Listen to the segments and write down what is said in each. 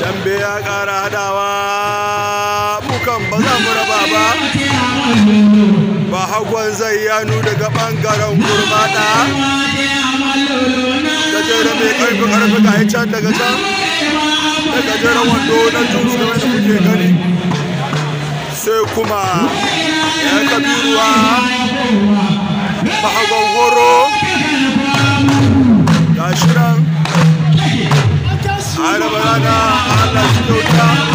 dambe ya ƙara hadawa mukan ba za mu raba ba ba hagon zai yanu daga ɓangaren gurmata gajeren mai ƙarfi ƙarfi ga ya can daga can da gajeren wando na turu da kuke gani sai kuma ya kabiruwa ba hagon horo ga shirin Allah shi kyauta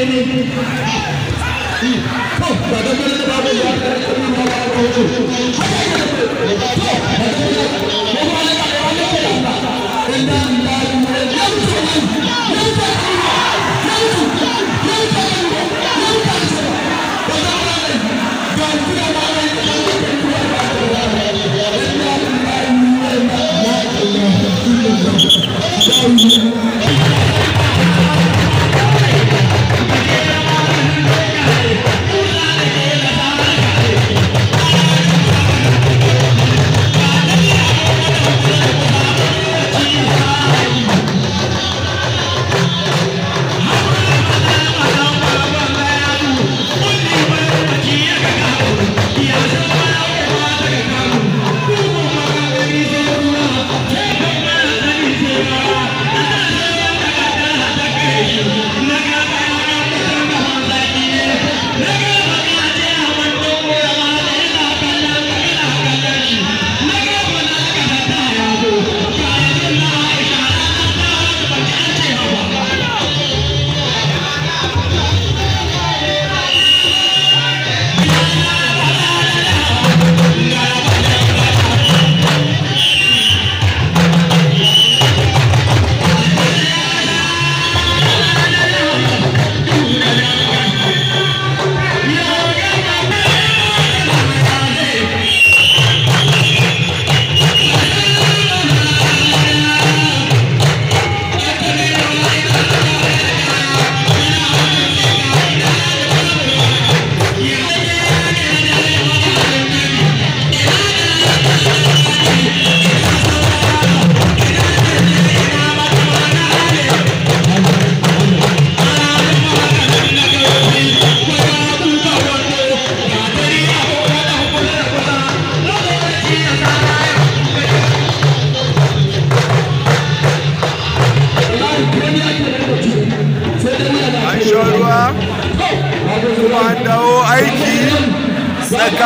ainihin to ba da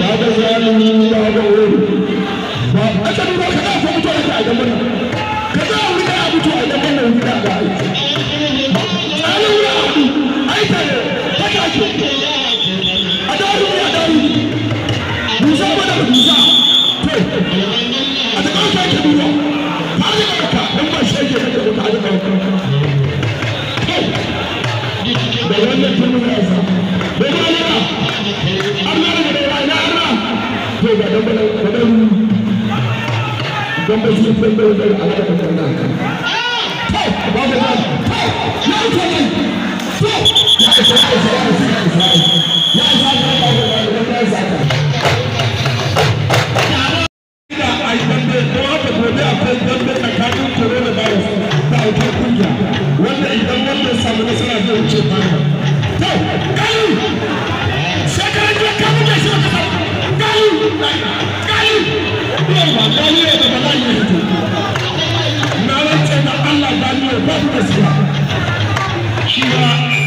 da zalimi ba da wuri ba ka za ka mutu a ka a gaban ka za a wuri da a mutu a wuri da ga dambe ga dambe da kadan dambe shi dambe da alaka da kanna ba da ba ya ce ne ka rage ka muke shi Shiva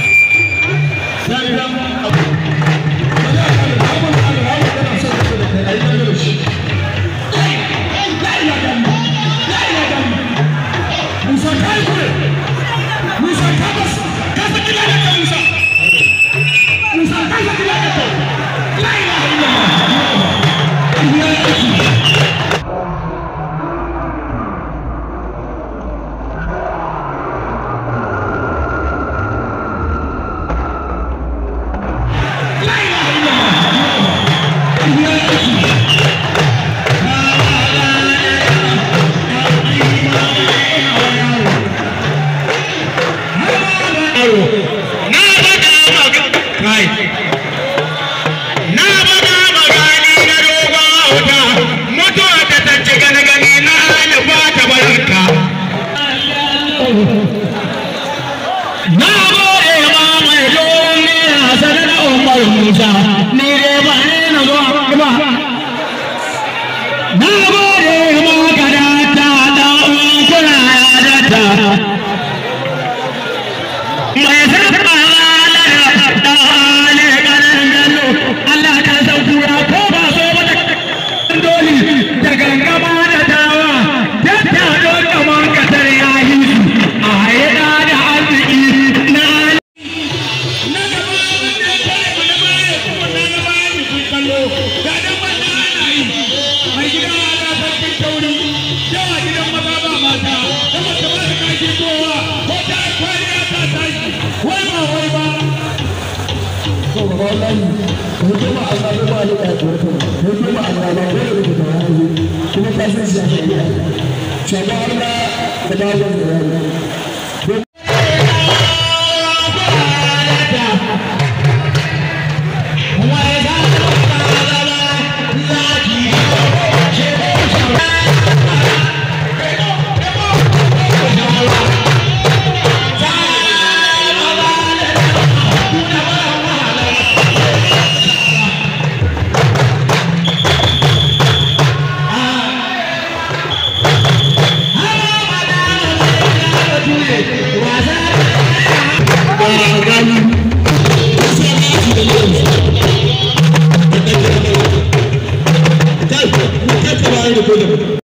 ಶ್ರೀಜ ನೀರೇ ಬಹಳ ನಗೋ ನಗೋ wallahi hukuma Allah ne ba ni da tsoro hukuma Allah ba ne da kuma kuma ta san shi shi Allah da ba da